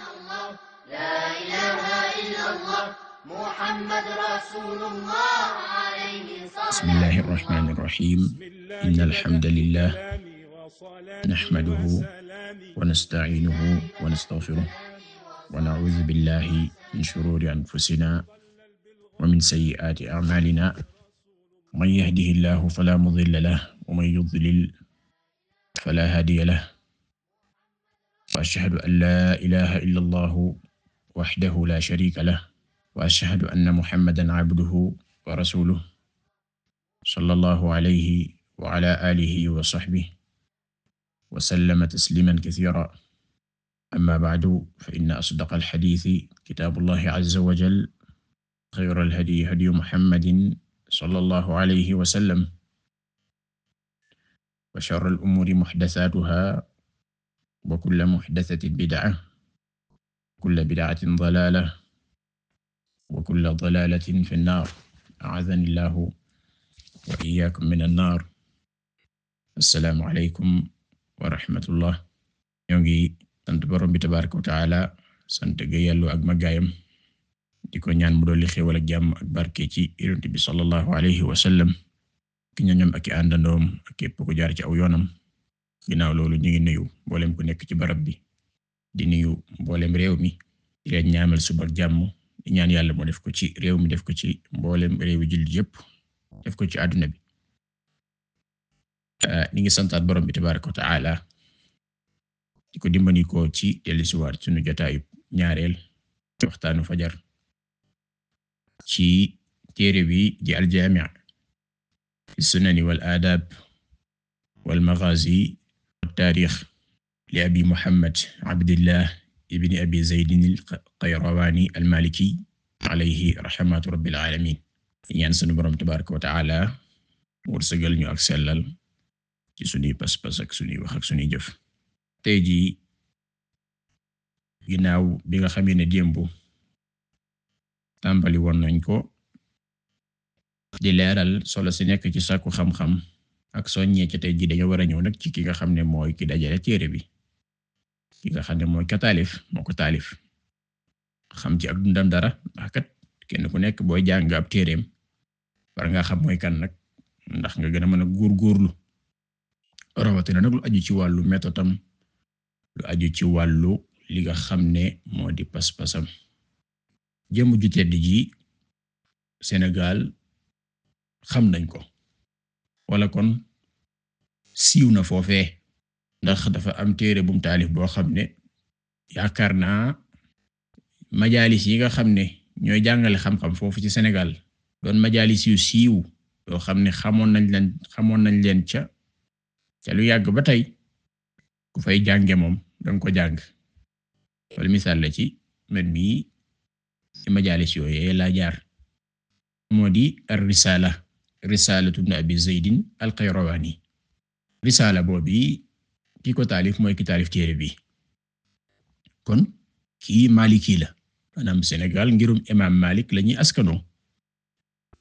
لا إله إلا الله محمد رسول الله عليه الصلاة بسم الله الرحمن الرحيم إن الحمد لله نحمده ونستعينه ونستغفره ونعوذ بالله من شرور أنفسنا ومن سيئات أعمالنا من يهده الله فلا مضل له ومن يضلل فلا هادي له wa ashhadu an laa ilaaha illa allahu wahdahu laa shariika lahu wa ashhadu anna muhammadan abduhu wa rasuluhu sallallahu alayhi wa ala aalihi wa sahbihi wa sallama tasliiman kasiiran amma ba'du fa inna asdaqa alxadiisi kitaabullahi azza wa jal xayra alhadyi hadyu muhammadin sallallahu alayhi wa sallam wa sharra al-umuuri muhdasaatuhaa wa kulla muhdasatin bid'a kulla bid'atin dalaala wa kulla dalaalatin fi nnaar a'aadhani llaahu wa iyyaakum mina nnaar assalaamu aleykum wa rahmatullah ñoo ngi sant borom bi tabaaraka wa ta'aala sant ga yàlla ak magaayam di ko ñaan mu dolli xéewal ak jàmm ak barke ci yonent bi sallallahu alayhi wa àndandoom ak képp ku ci aw yoonam ginnaaw loolu ñu ngi nuyu mboolem ku nekk ci barab bi di nuyu mboolem réew mi di leen ñaanal suba jàmm ñaan yàlla mu def ko ci réew mi def ko ci mboolem réew yi jullit yépp def ko ci àdduna bi ah, ñu ngi santaat borom bi tabaaraka wa ta'ala di ko dimbali ci dellusiwaat sunu jotaayu ñaareel ci waxtaanu fajar ci téere bi di sunani wal aadaab wal maghaazi taarix li abi Muhammad Abdillah ibn abi Zaydin al-Qayrawani al-Maliki alayhi rahmatu rabbil alamin ñaan sunu boroom tabaraka wa taala wërsëgal ñu ak sellal ci sunuy pas-pas ak sunuy wax ak sunuy jëf tey jii ginnaaw nañ ko solo si nekk ci sàkku xam-xam ak soññee ca te jii dañoo war a ñëw nag ci ki nga xam ne mooy ki dajale téere bi ki nga xam ne mooy ka taalif moo ko taalif xam ci ab dundam dara ndax kat kenn ku nekk booy jàng ab téereem war nga xam mooy kan nag ndax nga gën a mën a góorgóorlu rawatina nag lu aju ci wàllu méthode am lu aju ci wàllu li nga xam ne moo di pas-pasam jëmm ju tedd ji Sénégal xam nañ ko. wala kon siiw na foofee ndax dafa am téere bum taalif boo xam ne yaakaar naa majalis yi nga xam ne ñooy jàngale xam-xam foofu ci senegal doon majalis yu siiw yoo xam ne xamoon nañ leen xamoon nañ leen ca ca lu yàgg ba tey ku fay jànge moom danga ko jàng wala misaal la ci man mii ci majalis yooyee laa jaar moo di ar-risala risaalatu ibn abi zeydin alqayrawaani risaala boobi ki ko taalif mooy ki taalif téere bi kon ki maliki la maanaam Sénégal ngirum imaam Malik lañuy askanoo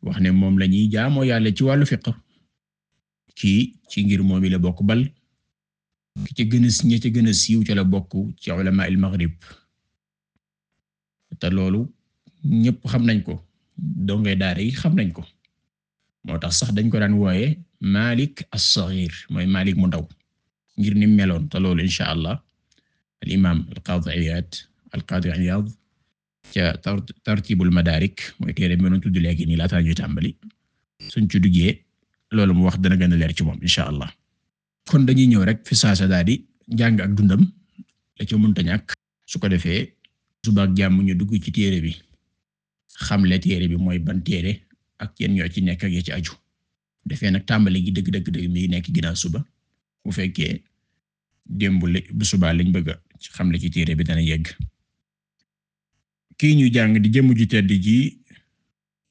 wax ne moom lañuy jaamoo yàlla ci wàllu fiqh ki ci ngir moomi la bokk bal ki ci gën a gën a siiw ca la bokk ci ulama al maghrib te loolu ñépp xam nañ ko dongay daara xam nañ ko moo tax sax dañ ko daan wooye Malik as mooy Malik mu ndaw ngir ni meloon te loolu incha allah al imaam al qaadi Iyaad al qaadi Iyaad ca tartibul madaarik mooy téere bi doon tudd léegi nii laataa ñuy tàmbali suñ ci duggee loolu mu wax dana gën a leer ci moom incha allah kon dañuy ñëw rek fi saasa daal di jàng ak dundam la ca mënta ñàkk su ko defee suba ak jàmm ñu dugg ci téere bi xamle téere bi mooy ban téere. ak yéen ñoo ci nekk ak ya ci aju defee nak tàmbali gi dëgg dëgg dëgg mi nekk ginnaaw suba bu fekkee démb bu subaa lañ bëgg ci xam la ci téere bi dana yegg kii ñu jàng di jëmm ju tedd ji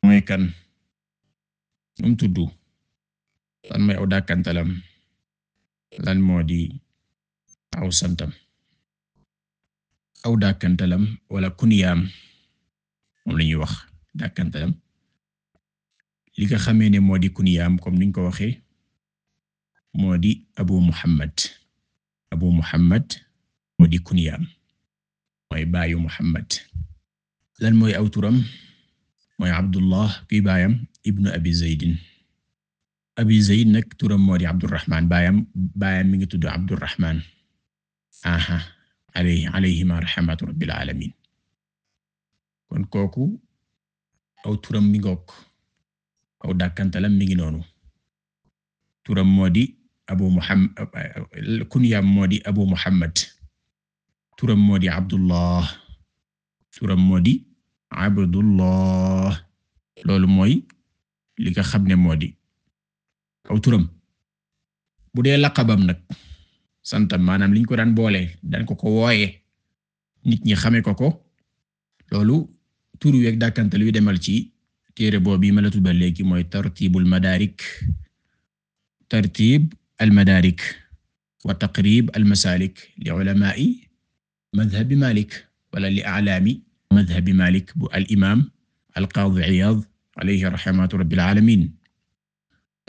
mooy kan num tudd lan mooy aw dàkkantalam lan di aw santam aw dàkkantalam wala kuniyaam moom la ñuy wax dàkkantalam li nga xamee ne moo di kuniyaam comme niñ ko waxee moo di Abu Muhammad Abu Muhammad moo di kuniyaam mooy baayu Muhammad lan mooy aw turam mooy Abdullah kuy baayam ibnu Abi Zaydin Abi Zayd turam moo di Abdurrahman baayam baayam mi ngi tudd Abdurrahman aha alayhi alayhima rahmatu rabbil alamin kon kooku aw turam mi aw dàkkantalam mi ngi noonu turam moo di abu muhammad kunyam moo di abu muhammad turam moo di abdullah turam moo di abdullah loolu mooy li nga xam ne moo di aw turam bu dee laqabam nag santam maanaam liñ ko daan boole daan ko ko wooye nit ñi xame ko ko loolu tur weeg dàkkantal yu demal ci téere boobu yi ma la tudd ba léegi mooy tartibul madarik tartib al madarik wa taqrib al masalik li ulama'i madhabi malik wala li a'lami madhabi malik bu al imam al qadi Iyad alayhi rahmatu rabbil alamin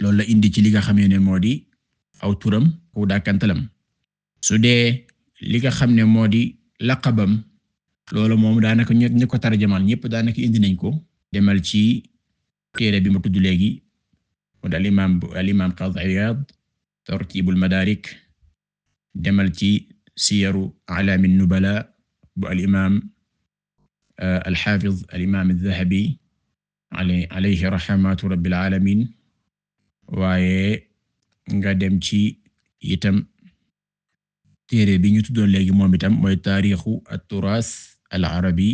loolu la indi ci li nga xam ne moo di aw turam ku dàkkantalam su dee li nga xam ne moo di laqabam loolu moom daanaka ñu ko tarjamal ñëpp daanaka indi nañ ko demal ci téere bi mu tudd léegi wala al imaam al imaam Qaadi Iyaad tartiibul madaarik demal ci siyaru alaamin nubala bu al imaam euh, al xaafiz al imaam az-Zahabi alayhi raxmatu rabbil aalamiin waaye nga dem ci itam téere bi ñu tuddoon léegi moom itam mooy taarixu at-turaas al-arabi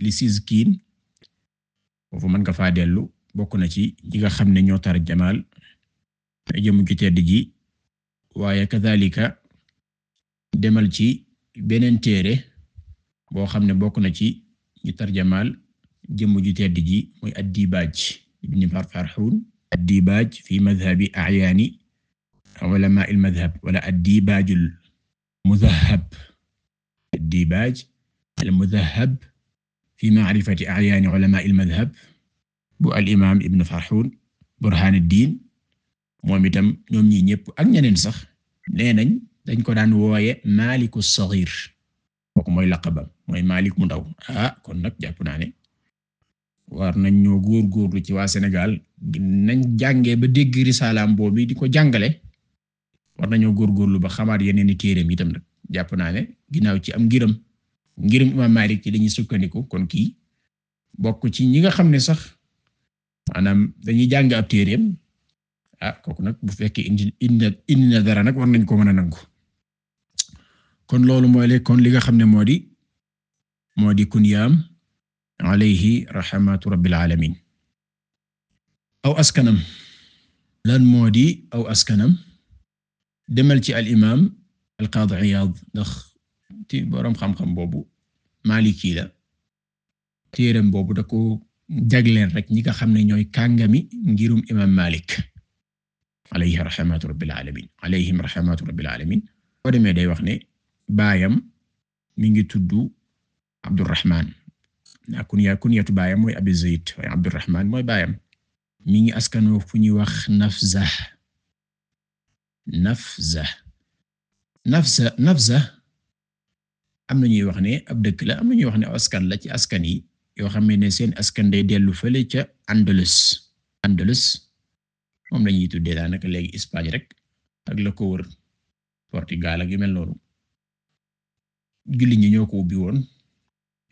Lisizkin foofu mën nga faa dellu bokk na ci ñi xam ne ñoo tar jamaal jëm ju tedd ji waaye kadhalika demal ci beneen téere boo xam ne bokk na ci ñi tar jamaal jëm ju tedd mooy ad-Dibaaj ibn Farfarxuun ad-Dibaaj fi madhabi a'yaani ulama wala ad-Dibaajul mudhahab ad-Dibaaj al-Mudhahhab fi ma'rifati a'yaan ulamaa'i al-madhhab bu al Ibn Farhun Burhanuddin moom itam ñoom ñi ñëpp ak ñeneen sax nee nañ dañ ko daan wooye Maaliku Saxiir kooku mooy laqabam mooy Maalik mu ndaw ah kon nag jàpp naa ne war nañ ñoo góorgóorlu ci waa senegal nañ jàngee ba dégg risaalaam boobu di ko jàngale war nañoo góorgóorlu ba xamaat yeneen i téereem itam nag jàpp naa ne ginnaaw ci am ngiram. ngir imaam Maalik ci dañuy sukkandiku kon kii bokk ci ñi nga xam ne sax maanaam dañuy jàng ab téereem ah kooku nag bu fekkee in indi na dara nag war nañ ko mën a nangu kon loolu mooy le kon li nga xam ne moo di moo di kunyaam alayhi rahmatu alamin aw askanam lan moo di aw askanam demal ci al imaam al qaadi Iyaad ndax ti boroom xam-xam boobu Maliki la téeram boobu da ko jagleen rek ñi nga xam ne ñooy kàngami ngirum imam Malik alayhi rahmatu rabbil alamin alayhim rahmatu rabbil alamin boo demee day wax ne baayam mi ngi tudd Abdurrahman na kunya kunyatu baayam mooy Abi Zayd waaye Abdurrahman mooy baayam mi ngi askanoo fu ñuy wax Nafza Nafza Nafza Nafza am na ñuy wax ne ab dëkk la am na ñuy wax ne askan la ci askan yi yoo xam ne seen askan day dellu fële ca Andalus Andalus moom la ñuy tuddee daanaka léegi Espagne rek ak la ko wër Portugal ak yu mel noonu julli ñi ñoo ko ubbi woon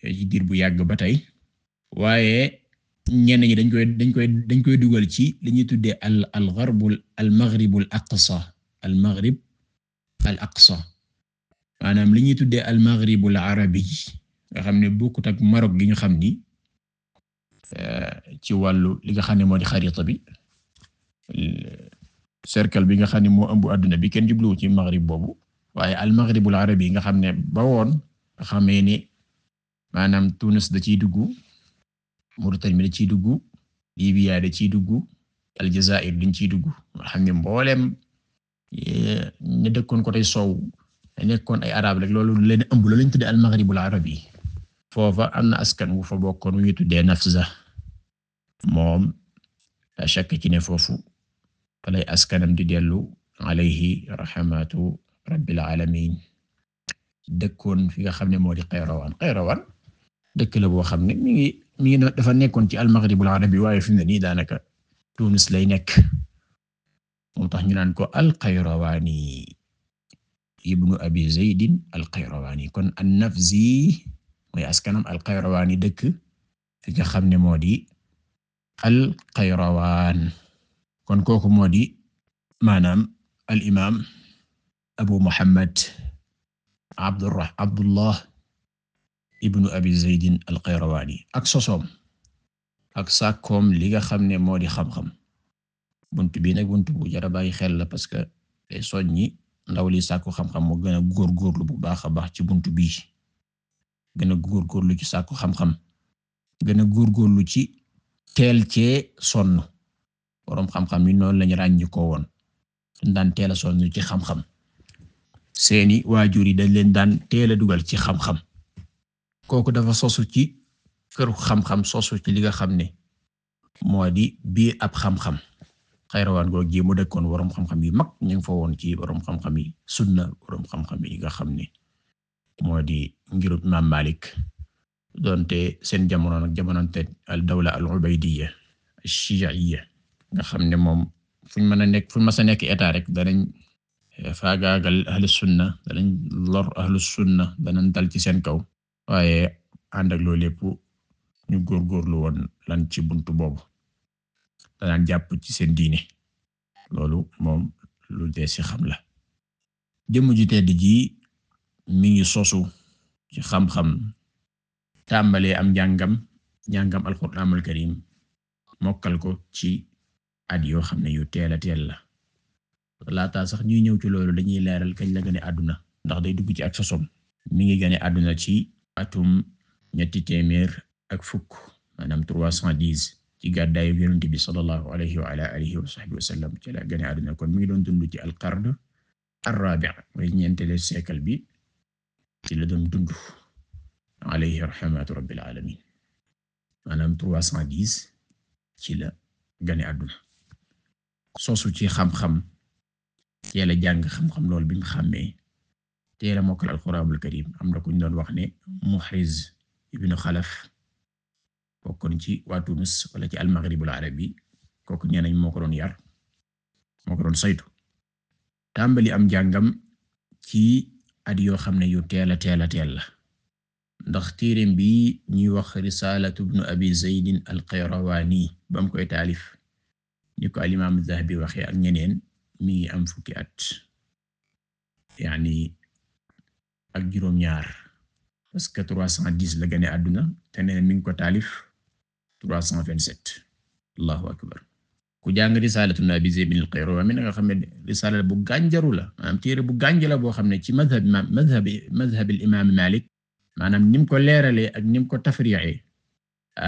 eh, ci diir bu yàgg ba tey waaye ñenn ñi dañ koy dañ koy dañ koy dugal ci li ñuy tuddee al al gharb al maghrib al aqsa maanaam li ñuy tuddee al maghribul arabi nga xam ne bokkut ak Maroc gi ñu xam ni ci wàllu li nga xam ne moo di xarita bi cercle bi nga xam ne moo ambu adduna bi kenn jubluwu ci maghrib boobu waaye al maghribul arabi yi nga xam ne ba woon nga xamee ne maanaam Tunis da ciy dugg Mauritanie bi da ciy dugg Libya da ciy dugg Aljazair dañ ciy dugg nga xam ne mbooleem eh, ñu dëkkoon ko tey soow nekkoon ay arab rek loolu leen ëmb loolu lañ tuddee al-maghribul arabi foofa am na askan wu fa bokkoon wu ñu tuddee Nafza moom la shakk ci ne foofu falay askanam di dellu alayhi rahmatu rabbil alamin dëkkoon fi nga xam ne moo di Qayrawaan Qayrawaan dëkk boo xam ne mi ngi mi dafa nekkoon ci al-maghribul arabi waaye fi mu nii daanaka Tunis lay nekk moom tax ñu naan ko al ibnu abi zaydin al kon an-nafzi mooy askanam al-qayrawaani dëkk fi nga xam ne moo di al kon kooku moo di maanaam al-imaam abu muhammad abdurrah abdullah ibnu abi zaydin al-qayrawaani ak sosoom ak sàkkoom li nga xam ne moo di xam-xam bunt bi nag bunt bu a bàyyi xel la parce que day soññi ndaw li sàkku xam-xam mu gën a góorgóorlu bu baax a baax ci bunt bi gën a góorgóorlu ci sàkku xam-xam gën a góorgóorlu ci teel cee sonn boroom xam-xam yi noonu lañu ràññi ko woon dañ daan teel a sonn ci xam-xam seeni waajur yi dañ leen daan teel a dugal ci xam-xam kooku dafa sosu ci këru xam-xam sosu ci li nga xam ne moo di biir ab xam-xam xayrawaan googu yi mu dëkkoon boroom xam-xam yu mag ñu ngi fa woon ci boroom xam-xam yi sunna boroom xam-xam yi nga xam ne moo di ngirub Malik donte seen jamono jamononte al dawla al ubaydiyya ash nga xam ne moom fuñ mën a nekk fuñ mës a nekk état rek danañ eh, faagaagal ahlu sunna danañ lor ahlu sunna danañ dal ci seen kaw waaye ànd ak loolu lépp ñu góorgóorlu woon lan ci buntu boobu danaan jàpp ci seen diine loolu moom lu dee si xam la jëmm ju tedd ji mi ngi sosu ci xam-xam tàmbalee am njàngam njàngam alxuraanul karim mokkal ko ci at yoo xam ne yu teel a teel la laataa sax ñuy ñëw ci loolu dañuy leeral kañ la gane àdduna ndax day dugg ci ak sosom mi ngi gane àdduna ci atum ñetti téeméer ak fukk maanaam trois cent ci gàddaayu yonent bi sallallahu alayhi wa ala alihi wa sahbihi wa sallam ci la gane àdduna kon mi ngi doon dund ci al-qarn ar-rabi' mooy ñeenteelu siècle bi ci la doon dund alayhi rahmatu rabbil alamin maanaam trois cent dix ci la gane àdduna soosu ci xam-xam teel a jàng xam-xam loolu bi mu xàmmee teel a mokkal al-Qur'anul karim am na ku ñu doon wax ne Muhriz ibnu Xalaf bokkoon ci waa Tunis wala ci al-Maghribul Arabi kooku nee nañ moo ko doon yar moo ko doon saytu tàmbali am jàngam ci at yoo xam ne yu teel a teel a teel la ndax téereem bi ñuy wax Risaalatu ibn Abi Zayd al-Qayrawaani koy taalif ni ko al-Imaam Zahabi waxee ak ñeneen mi ngi am fukki at yaani ak juróom-ñaar parce que trois cent dix la gane àdduna te nee ko taalif. 327 allahu akbar ku jàng risaalatu na Zayd bin al-Qayrawani nga xam ne risaala bu gànjaru la maanaam téere bu gànj la boo xam ne ci madhab madhab madhab al-imaam Maalik maanaam nim ko leeralee ak nim ko tafriixee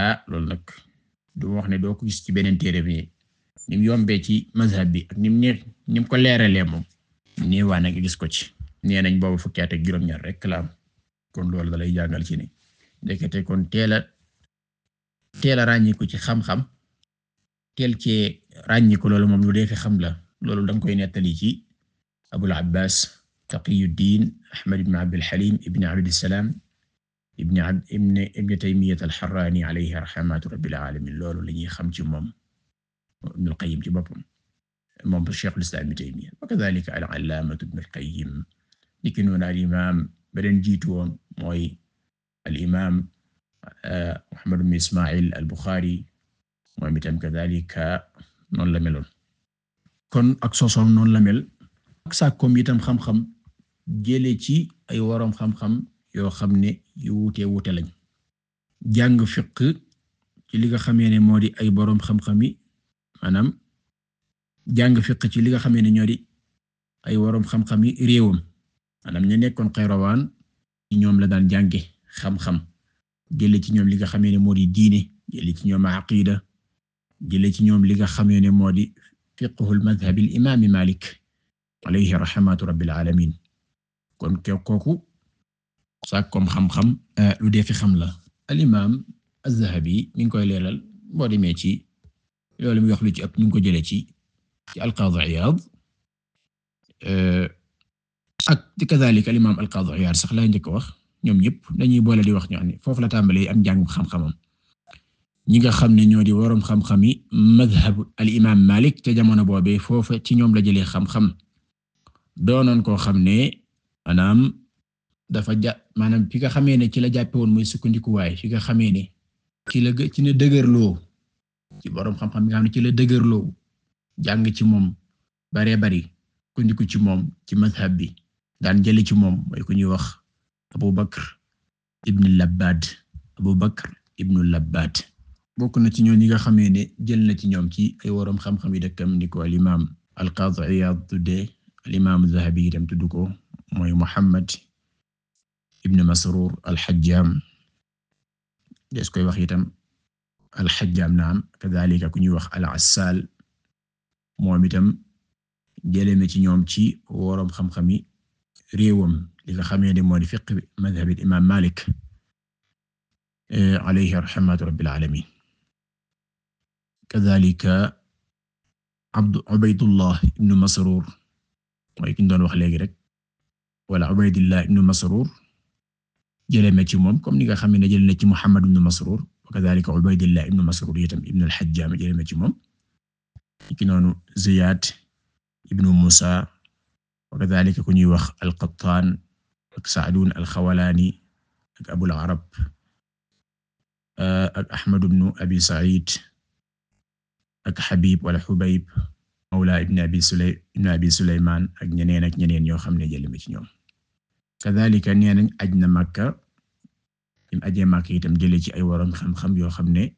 ah loolu nag du wax ne doo ko gis ci beneen téere bi nim yombe ci mazhab bi ak nim neex nim ko leeralee moom nee waa gis ko ci nee nañ boobu fukki at ak ñaar rek la kon loolu da lay jàngal ci ni ndekete kon teela teel a ràññiku ci xam-xam teel cee loolu moom lu deefe xam la loolu danga koy nettali ci Abul Abbas Taqiyuddin Ahmad ibn Abd al-Halim ibn Abd as-Salam ibn Abd ibn Taymiyyah al-Harrani alayhi rahmatu rabbil alamin loolu la ñuy xam ci moom Ibn al-Qayyim ci boppam moom Shaykh al-Islam ibn Taymiyyah wa kadhalika al-Allama Muhammad ibn Ismail al-Bukhari moom itam kadhalika noonu la meloon kon ak sosoom noonu la mel ak sàkkoom itam xam-xam jëlee ci ay waroom xam-xam yoo xam ne yu wuute wuute lañ jàng fiq ci li nga xamee ne moo di ay boroom xam-xam yi maanaam jàng fiq ci li nga xamee ne ñoo ay boroom xam-xam yi réewam maanaam ñu nekkoon Qayrawaan ñoom la daan jànge xam-xam jëlee ci ñoom li nga xamee ne moo di diine jëlee ci ñoom aqida jëlee ci ñoom li nga xamee ne moo di fiqhul madhabil imaami Malik alayhi rahmatu rabbil alamin kon ke kooku sàkkoom xam-xam euh, lu dee fi xam la al imaam az-Zahabi mi ngi koy leeral boo demee ci loolu mi wax lu ci ëpp ñu ngi ko jëlee ci ci al-Qaadi Iyaad euh, ak kazaalika al imaam al-Qaadi Iyaad sax laa njëkk wax ñoom ñëpp dañuy boole di wax ñu ne foofu la tàmbalee am jàng xam ñi nga xam ne ñoo di waroom xam-xam yi madhab al imaam Malik ca jamono boobee foofa ci ñoom la jëlee xam-xam doonoon koo xam ne maanaam dafa ja maanaam fi nga xamee ne ci la jàppe woon mooy sukkandikuwaay fi nga xamee ne ci la ci la dëgërloo ci borom xam-xam nga ci la dëgërloo jàng ci moom baree bari kundiku ci moom ci madhab bi daan jële ci moom mooy ku ñuy wax. Abu Bakr ibn Labbaad Abu Bakr ibn Labbaad bokk na ci ñoo ñi nga xamee ne jël na ci ñoom ci ay waroom xam-xam yi dëkkam ni ko al imaam al Qaadi Iyaad tudde al imaam Zahabi itam tudd ko mooy Muhammad ibn Masruur al Hajjaam des koy wax itam al Hajjaam naam kadaalika ku ñuy wax al Assaal moom itam jëlee na ci ñoom ci waroom xam-xam yi réewam li nga xamee ne moo di fiqh madhabi imaam Maalik eh, alayhi rahmatu rabbil alamin kadhalika Abd Ubaydullah ibn Masrur mooy doon wax léegi rek wala Ubaydullah ibn Masrur jëlee na ci moom comme ni nga xam ne jëlee na ci Muhammad ibn Masrur wa kadhalika Ubaydullah ibn Masrur itam ibn al-Hajjam ci moom ki noonu Ziyad Musa wa kadhalika ñuy wax al-Qattaan ak Sa'dun al-Khawlaani ak Abul Arab euh, ak Ahmad ibn Abi Sa'id ak Habib wala Hubayb mawla ibn Abi Sulay ak ñeneen ak ñeneen ñoo xam ne jël ci ñoom kadhalika nee nañ aj na Makka im ajee Makka itam ci ay waroom xam-xam yoo xam ne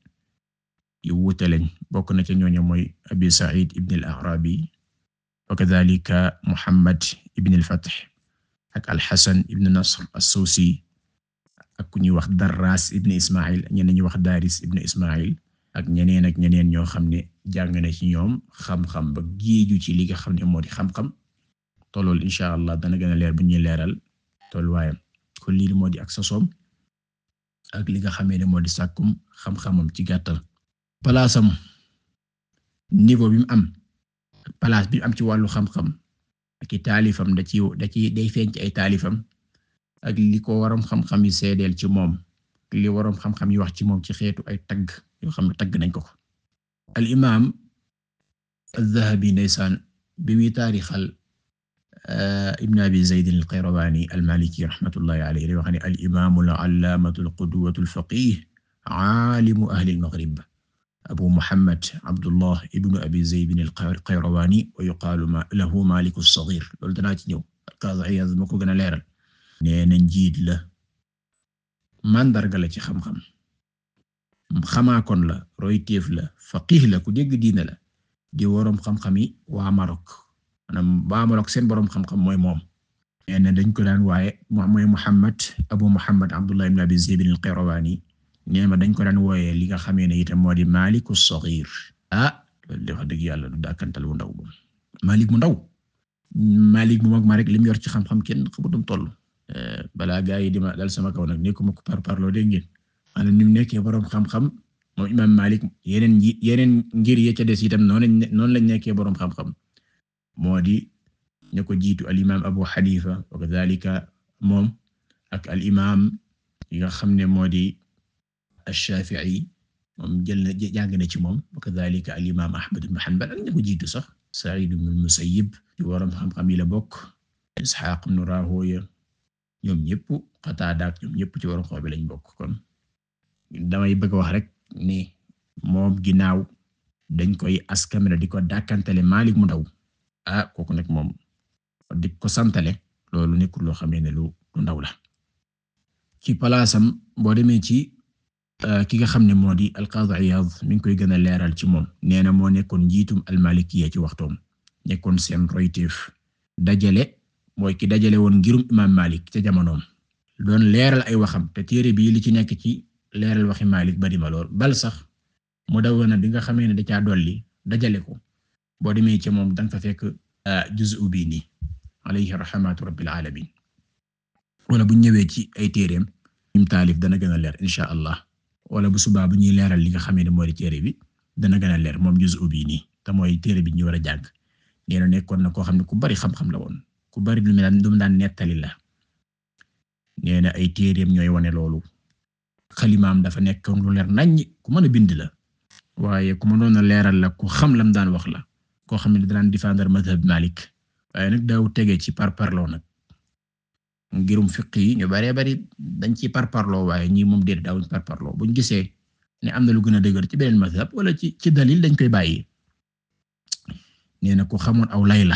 yu wuute lañ bokk na ca ñooñu mooy Abi Sa'id ibn al wa kadhalika Muhammad ibn al-Fath ak al-Hasan ibn Nasr as ak ku ñuy wax Darras ibn Isma'il ñenn ñuy wax Daris ibn Isma'il ak ñeneen ak ñeneen ñoo xam ne jàng na ci ñoom xam-xam ba giiju ci li nga xam ne moo di xam-xam tolool incha allah dana gën a leer bu ñuy leeral tolluwaayam kon lii moo di ak sosoom ak li nga xamee ne moo di sàkkum xam-xamam ci gàttal palaasam niveau bi mu am place bi am ci wàllu xam-xam ak taalifam da ci da ci day feeñ ci ay taalifam ak li ko waroom xam-xam yi seedeel ci moom ak li waroom xam yi wax ci moom ci xeetu ay tagg yoo xam ne tagg nañ ko ko al imaam az-Zahabi ndeysaan bi muy taarixal eh, ibn abi zayd al-Qayrawani al-Maliki rahmatullahi wax ne al imaam al-allaamatu al-qudwatu al ahli al-maghrib abu muhammad abdullah ibnu abi zeydin al-qayrawani wa yuqaalu lahu malik as-saghir loolu danaa ci ñëw alqaadi Iyaad ma ko gën a leeral nee na njiit la màndarga la ci xam-xam xamaakoon la royteef la faqih la ku dégg diina la di waroom xam-xam yi waa Marok maanaam waa Marok seen boroom xam-xam mooy moom nee na dañ ko daan waaye mooy muhammad abu muhammad abdullah ibnu abi zeydin al-qayrawani nee ma dañ ko daan wooyee li nga xamee ne itam moo di Malik as-Saghir ah loolu dafa dëgg yàlla du dàkkantal wu ndaw moom Malik mu ndaw Malik mu mag ma rek lim yor ci xam-xam kenn xamutum toll eh, balaa gaa yi di ma dal sama kaw nag nekkuma ko par parloo dégg ngeen maanaam ni mu nekkee borom xam-xam moom imaam Malik yeneen yi yeneen ngir ya ca des itam noonu lañ noonu lañ nekkee borom xam-xam moo di ñu ko jiitu al imaam Abu Hanifa wa kadhalika moom ak al imaam xam ne moo di. ash-Shafi'i moom jël jàng na ci moom wa kadhalika al-imam Ahmad ibn Hanbal ak ña ko jiitu sax Sa'id ibn al-Musayyib ci waram xam-xam yi la bokk Ishaq ibn Rahoya ñoom ñëpp Qatada ak ñoom ñëpp ci waram xoobi lañ bokk kon damay bëgg wax rek ni moom ginnaaw dañ koy askan di ko dàkkantale Malik mu ndaw ah kooku nag moom di ko santale loolu nekkul loo xamee ne lu lu la ci palaasam boo Euh, ki nga xam ne moo di alqaadi Iyaad mi koy gën a leeral ci moom nee na moo nekkoon njiitum almalikiya ci waxtoom nekkoon seen royteef dajale mooy ki dajale woon ngirum imaam Malik ca jamonoom doon leeral ay waxam te téere bii li ci nekk ci leeral waxi Malik bari ma lool bal sax mu dawoon bi nga xamee ne da caa dolli dajale ko boo demee ci moom danga fa fekk euh, juz'u bii nii alayhi rahmatu rabbil alamin wala bu ñëwee ci ay téereem im taalif dana gën a leer incha allah. wala bu subaa bu ñuy leeral li nga xam ne moo di téere bi dana gën a leer moom juz'u bii nii te mooy téere bi ñu war a jàng nee nekkoon na koo xam ne ku bari xam-xam la woon ku bari lu mu daan daan nettali la nee na ay téereem ñooy wane loolu xalimaam dafa nekkoon lu leer naññ ku mën a bind la waaye ku mënoon a leeral la ku xam lam daan wax la koo xam ne daan défendre madhab Malik waaye nag daaw tege ci par parloo nag. ngirum fiq yi ñu baree bari dañ ciy parparlo waaye ñii moom déet daawuñ parparloo buñ gisee ne am na lu gën a dëgër ci beneen mazhab wala ci ci dalil dañ koy bàyyi nee na ku xamoon aw lay la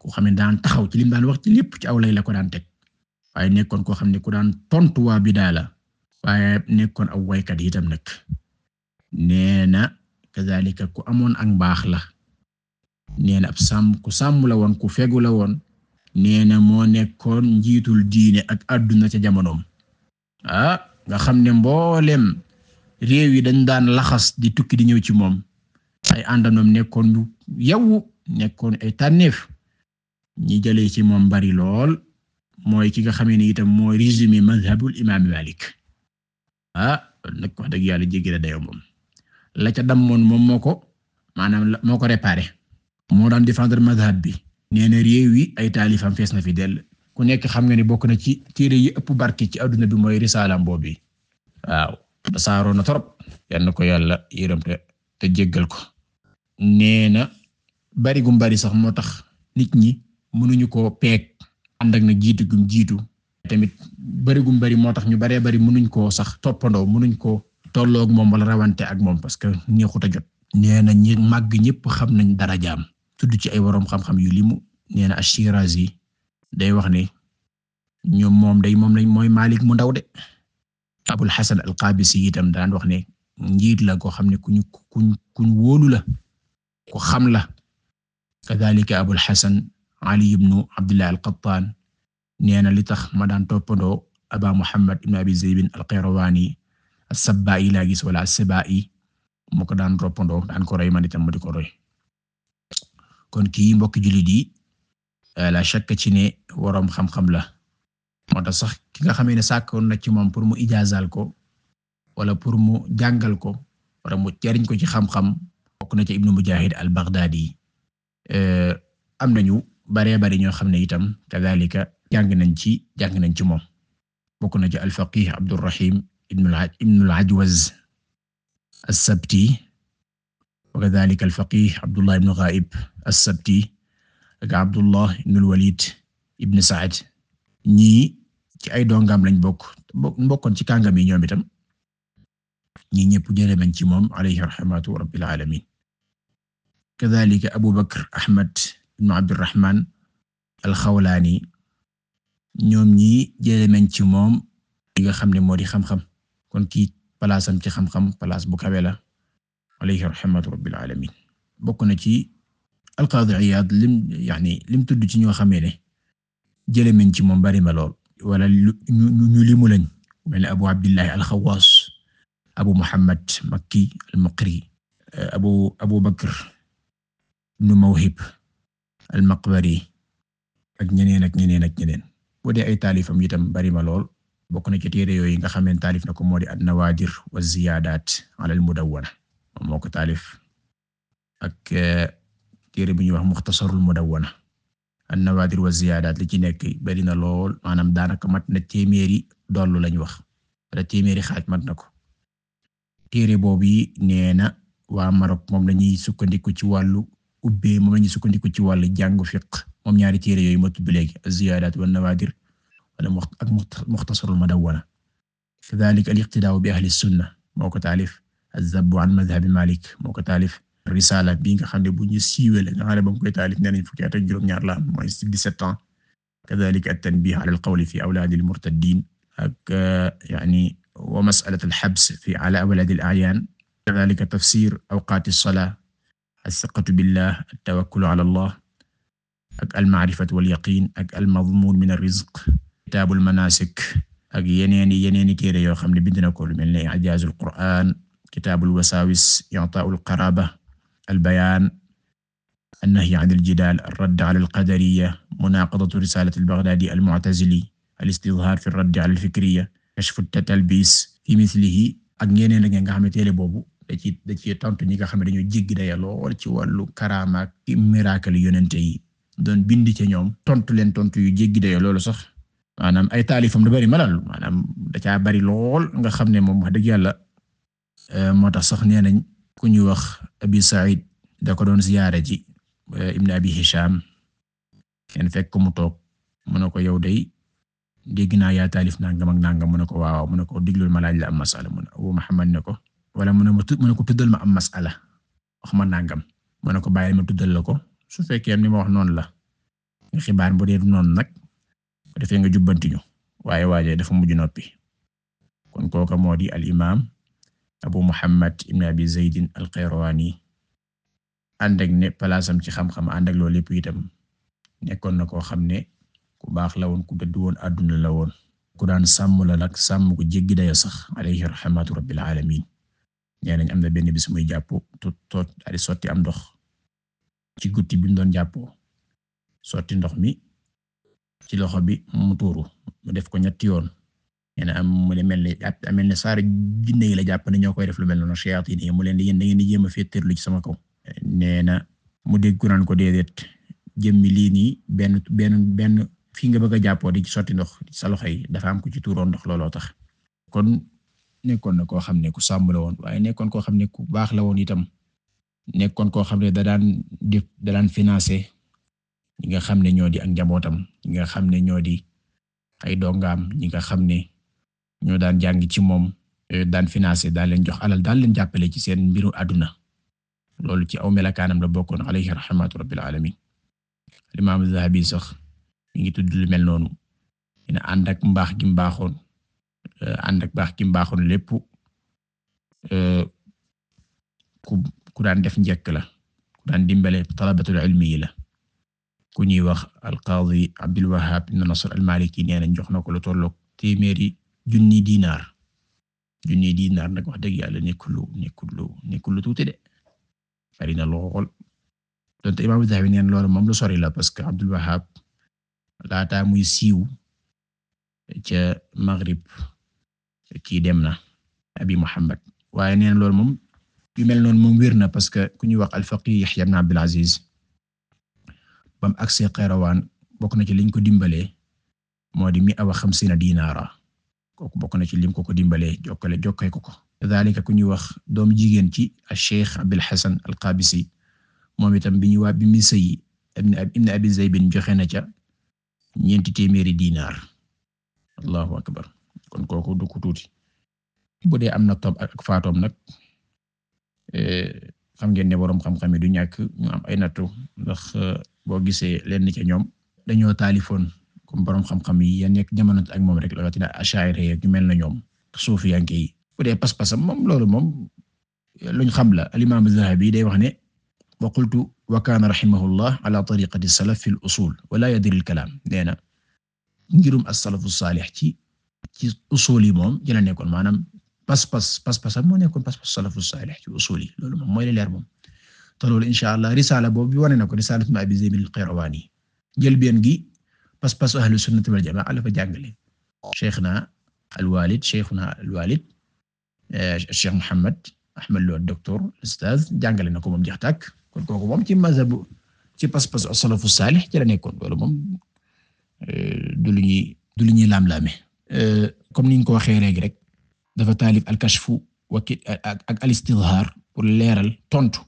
ku xam ne daan taxaw ci lim daan wax ci lépp ci aw lay la ko daan teg waaye nekkoon koo xam ne ku daan tontu waa bidaa la waaye nekkoon aw waykat yi itam nag nee na kazalika ku amoon ak mbaax la nee na ab sàmm la woon ku fegu la woon nee na moo nekkoon njiitul diine ak adduna ca jamonoom ah nga xam ne mboolem réew yi dañ daan laxas di tukki di ñëw ci moom ay àndanoom nekkoon ñu yawwu nekkoon ay tànneef ñi jëlee ci moom bari lool mooy ki nga xamee ne itam mooy résumé mazhabul imaam Malik ah nag wax dëgg yàlla jéggi na moom la ca damoon moom moo ko maanaam moo ko réparé moo daan défendre mazhab bi neena réew yi ay taalifam fees na fi dell ku nekk xam nga ni bokk na ci téere yi ëpp barke ci adduna bi mooy risaalam boobu waaw saaroo na torop yal na ko yàlla yërëm te te jéggal ko nee na bari gum bari sax moo tax nit ñi mënuñu koo peeg ànd ak na jiitu gum jiitu tamit bari gum bari moo tax ñu baree bari mënuñ koo sax toppandoo mënuñ ko tolloog moom wala rawante ak moom parce que neexut a jot nee na ñi màgg ñëpp xam nañ dara jaam tudd ci ay boroom xam-xam yu limu nee na Ash-Shirazi day wax ne ñoom moom day moom lañ mooy Malik mu ndaw de Abul Hasan al itam daan wax ne njiit la koo xam ne kuñu kuñ kuñ wóolu la ku xam la kadhalika Abul Hasan Ali ibn Abdullah al-Qattan nee na li tax ma daan toppandoo Aba Muhammad ibn Abi Zayd al-Qayrawani as-Sabai laa gis wala as-Sabai mu ko daan toppandoo daan ko roy man itam ma di ko kon kii mbokk jullit yi euh, la shakka ci ne waroom xam-xam la moo tax sax ki nga xamee ne sàkkoon na ci moom pour mu ijaazal ko wala pour mu jàngal ko wala mu jariñ ko ci xam-xam bokk na ci Ibnu Mujahid al-Baghdadi euh, am na ñu baree bari ñoo xam ne itam kadhalika jàng nañ ci jàng nañ ci moom bokk na ci al-faqih Abdurrahim ibn al-Ajwaz as-Sabti wa kadhalika al-faqih Abdullah ibn Ghaib as-Sabti Abdullah ibn al-Walid ibn Sa'd ñii ci ay dongam lañ bokk bokkoon ci kàngam yi ñoom ñii ñëpp jëlee nañ ci moom alayhi rahmatu rabbil alamin kadhalika Abu Bakr Ahmad ibn Abdurrahman al ñoom ñii jëlee nañ ci moom li nga xam ne moo di xam kon kii palaasam ci xam-xam palaas bu kawe la alayhi rahmatu rabbil alamin bokk na ci alqaadi Iyaad lim yani lim tudd ci ñoo xamee ne jëlee nañ ci moom bari na lool wala ñu ñu limu lañ mel ne Abu Abdillahi al-Xawwaas Abu Muhammad Makki al-Muqri eh, Abu Abu Bakr ibn Mawhib al-Maqbari ak ñeneen ak ñeneen ak ñeneen bu dee ay taalifam itam bari na lool bokk na ci téere yooyu nga xamee taalif na ko moo di an-Nawaadir wa Ziyaadaat ala al-Mudawwana moo ko taalif ak eh, téere bu ñuy wax Muxtasarul Mudawwana an-Nawaadir wa Ziyaadaat li ci nekk bari na lool maanaam daanaka mat na téeméeri dollu lañ wax wala téeméeri xaaj mat na ko téere boobu nee na waa Marok moom lañuy sukkandiku ci wàllu ubbee moom lañuy sukkandiku ci wàllu jàngu fiqh moom ñaari téere yooyu ma tudd léegi az-Ziyaadaat wan-Nawaadir wala ak Muxtasarul Mudawwana kadaalika al-iqtidaa'u bi ahli sunna moo ko taalif az-Zabb an madhabi Malik moo ko taalif risaala bi nga xam ne bu ñu siiwee la nga xam ne ba mu koy taalif nee nañ fukki at ak juróom-ñaar la am mooy 17 ans kadhalika at-tanbih ala al-qawl fi awlad al-murtaddin ak euh, yani wa mas'alat al-habs fi ala awlad al-a'yan kadhalika tafsir awqat as-salah as-siqatu billah at-tawakkul ala Allah ak al-ma'rifatu wal-yaqin ak al-madmun min ar-rizq kitab al-manasik ak yeneeni yeneeni téere yoo xam ne bind na ko lu mel ne i'jaz al-Qur'an kitaabul wasaawis i'taa'ul qaraaba albayaan annahyi anil jidaal ar-radd alal qadariyya munaaqadatu risaalatil baghdaadi al-mu'tazili al-istizhaar fi ar-radd alal fikriyya kashfu at-talbiis fi mithlihi ak ñeneen ak nga xam ne téere boobu da ci da ci tontu ñi nga xam ne dañoo jéggi daya lool ci wàllu karaama ak miracle yonente yi doon bind ci ñoom tontu leen tontu yu jéggi daya loolu sax maanaam ay taalifam da bari malal maanaam da caa bari lool nga xam ne moom wax dëgg yàlla Eh, moo tax sax nee nañ ku ñuy wax Abi Sa'id da ko doon ziyaara ji eh, Ibn Abi Hisham kenn fekk ko mu toog mu ne ko yow day dégg naa yaa taalif nangam ak nangam mu ne ko waaw mu ne ko diglul ma laaj la am masala mu ne Abu Muhammad ne ko wala mu ne ma mu ko tuddal ma am masala wax ma nangam mu ne ko bàyyi ma tuddal la ko su fekkee ni ma wax noonu la nga xibaar bu dee noonu nag bu defee nga jubbanti waaye waajee dafa mujj noppi kon kooka moo di al abu muhammad ibn abi zaydin al-qayrawani ànd ak ci xam-xam ànd ak loolu lépp itam nekkoon na koo xam ne ku baax la woon ku dëddu woon àdduna la woon ku daan sàmm la nag sàmm ku jéggi dayo sax alayhi rahmatu rabbil alamin nee nañ am na benn bis muy jàpp tot tot am ndox ci gutti bi mu doon jàppoo sotti ndox mi ci loxo bi mu tuuru mu def ko ñetti yoon nee na am mu mel ne am mel ne saar jinne yi la jàpp ne ñoo koy def lu mel noonu shayatin yi mu leen di yéen da ngeen di a féeteerlu ci sama ko nee na mu dégg ku naan ko déedéet jëmmi lii nii benn benn benn fii nga bëgg a jàppoo di ci sotti ndox sa loxo yi dafa am ku ci tuuroon ndox looloo tax. kon nekkoon na koo xam ne ku sàmm la woon waaye nekkoon koo xam ne ku baax la woon itam nekkoon koo xam ne dadaan daan di da financer ñi nga xam ne ñoo di ak njabootam ñi nga xam ne ñoo di ay dongaam ñi nga xam ne. ñoo daan jàng ci moom eh, daan financé daan leen jox alal daal leen jàppale ci seen mbiru àdduna loolu ci aw melakaanam la bokkoon alayhi rahmatu rabbil alamin Imaam Zahabi sax mi ngi tudd lu mel noonu dina ànd ak mbaax gi mu baaxoon eh, ànd ak mbaax gi mu lépp eh, ku ku daan def njëkk la ku daan dimbale talabatul ilmi yi la ku ñuy wax al qaadi Abdul Wahhab ibn Nasr al Maliki nee na jox na ko lu tollook téeméeri junni diinaar junni diinaar nag wax dëgg yàlla nekkul lu nekkul lu nekkul lu tuuti de bari na lool donte Imaam Zahabi neen loolu moom lu sori la parce que Abdul Wahhab laataa muy siiw ca Maghrib kii dem na Abi Muhammad waaye neen loolu moom yu mel noonu moom wér na parce que ku ñuy wax al-Faqih Yahya ibn Abdul bam agsee Qayrawaan bokk na ci liñ ko dimbalee moo di mi'a wa xamsiina diinaara kooku bokk na ci lim ko ko dimbalee jokkale jokkay ko ko kadhalika ku ñuy wax doom jigéen ci Cheikh Abul Hasan al-Qabisi moom itam bi ñu waa bi misay ibn Abi Zaybin joxe na ca ñeenti téeméeri diinaar allahu akbar kon kooku du tuuti bu dee am na tob ak faatoom nag e, xam ngeen ne boroom xam-xam yi du ñàkk ñu am ay nattu ndax e, boo gisee lenn ca ñoom dañoo taalifoon comme borom xam-xam yi ya nekk jamono ak moom rek loolu dina ash'ari yeeg ñu mel na ñoom suufiyanke yi bu dee pas-pasam moom loolu moom luñ xam la al-imam az-Zahabi day wax ne wa qultu wa kaana rahimahullah ala tariqati as-salaf fi al-usul wa la yadri al-kalam nee na ngirum as-salafu salih ci ci usul yi moom dina nekkoon maanaam pas-pas pas-pasam moo nekkoon pas-pas salafu salih ci usul yi loolu moom mooy leer moom te loolu insha Allah risala boobu bi wane na ko risalatu Abi Zayd al-Qayrawani jëlbeen gi pas-pasu ahlu sunnati wal jamaa la fa jàngale cheikhna al walid cheikhuna al walid eh, cheikh Muhammad Ahmad Lo docteur ustaz jàngale na ko moom jeex tàkk kon kooku moom ci mazhabu ci pas-pasu as-salafu salih ci la nekkoon loolu moom eh, du lu ñuy du ñuy laam-laame eh, comme niñ ko waxee léegi rek dafa taalif al-kashfu waki ak al-istidhar pour leeral tontu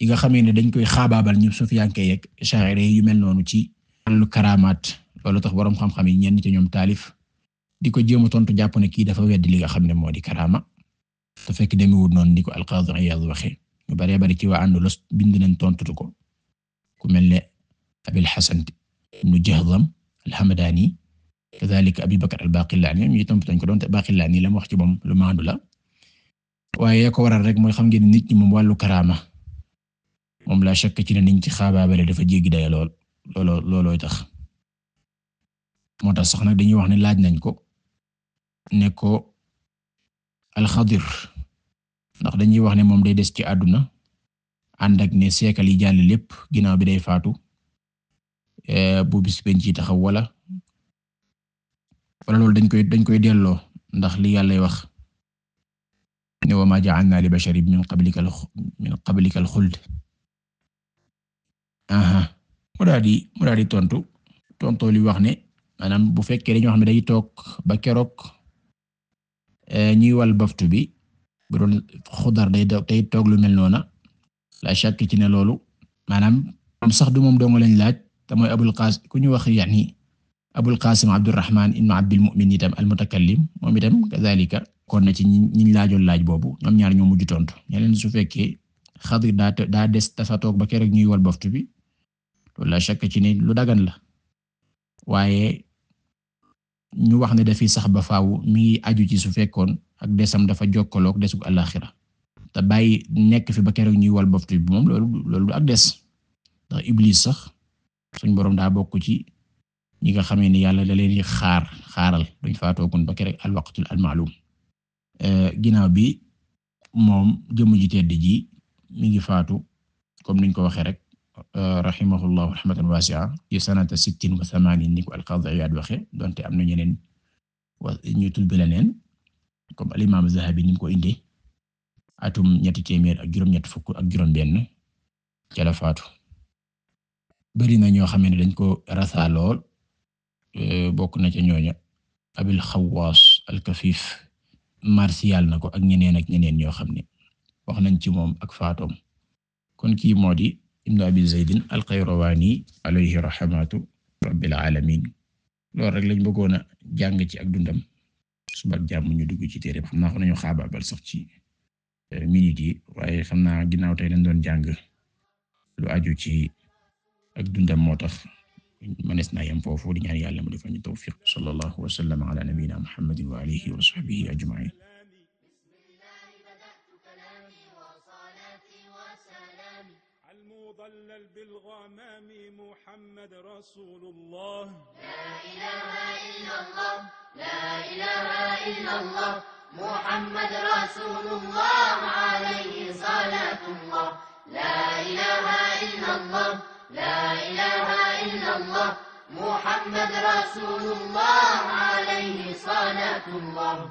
yi nga xamee ne dañ koy xaabaabal ñu sufiyanke yeeg sha'iri mel noonu ci wàllu loolu tax boroom xam-xam yi ñenn ci ñoom taalif di ko jéem tontu jàpp ne kii dafa weddi li nga xam ne moo di karaama te fekk demewul noonu ni ko al-Qaadi Iyaad waxee ñu baree bari ci waa àndu los bind nañ tontutu ko ku mel ne Abil Hasan ibnu Jahdam al-Hamdaani kadhalika Abi Bakr al-Baaqillaani ñoom itam dañ ko doon te Baaqillaani la mu wax ci moom lu maandu la waaye ko waral rek mooy xam ngeen nit ñi moom wàllu karaama moom laa shakk ci ne niñ ci xaabaabale dafa jéggi daya lool looloo tax. moo tax sax nag dañuy wax ne laaj nañ ko ne ko alxadir ndax dañuy wax ne moom day des ci àdduna ànd ak ne seekal yi jàll lépp ginnaaw bi day faatu eh, bu bis benn ci taxaw wala wala loolu dañ koy dañ koy delloo ndax li yàllay wax ne wa ma ja'alna li basharin min qablika min qablika al tontu tontoo li wax ne maanaam bu fekkee dañoo xam ne day toog ba keroog eh, ñuy wal baftu bi bu doon xudar day day toog lu mel noona la shakk ci ne loolu maanaam am sax du moom donga leen laaj te mooy abul qasim ku ñu wax yani abul qasim abdurrahman ibn abdul mu'min itam al mutakallim moom itam kazalika kon na ci ñiñ laajo laaj boobu ñoom ñaar ñoo mujj tontu ñeneen su fekkee xadir daa daa des dafa toog ba keroog ñuy wal baftu bi loolu la shakk ci ne lu dagan la waaye ñu wax ne dafiy sax ba faaw mi ngi aju ci su fekkoon ak desam dafa jokkaloog desug alaxira te bàyyi nekk fi ba keroog ñuy wal boftu bi moom loolu loolu ak des ndax iblis sax suñ boroom daa bokk ci ñi nga xamee ni yàlla da leen di xaar xaaral duñ faatoogun ba keroog al waqtul al ma'lum eh, ginnaaw bi moom jëmu ji tedd ji mi ngi faatu comme niñ ko waxee rek rahimahullahu rahmatan wasi'a ci sanata sittin wa thamanin ni ko al-Qadi donte am na ñeneen wa ñu tulbe leneen comme al ko indi atum ñetti téeméer ak juróom-ñett fukk ak juróom-benn ca la faatu bari na ñoo xam ne dañ ko rasaa lool e, bokk na ca ñooña Abil Xawaas al-Kafiif martial na ko ak ñeneen ak ñeneen ñoo xam ne wax nañ ci ak faatoom kon kii moo ibnu abi zaydin alxayrawaani alayhi rahmatu rabbil alamin loolu rek lañ bëggoon a jàng ci ak dundam suba jàmm ñu dugg ci téere xam naa ko nañu xaabaabal sax ci euh, minute yi waaye xam naa ginnaaw tey dañ doon jàng lu aju ci ak dundam moo tax manees naa yem foofu di ñaan yàlla mu defal ñu tawfiq sallallahu wa sallam ala nabiyyina muhammadin wa alihi wa يعلل بالغمام محمد رسول الله لا إله إلا الله لا إله إلا الله محمد رسول الله عليه صلاة الله لا إله إلا الله لا إله إلا الله محمد رسول الله عليه صلاة الله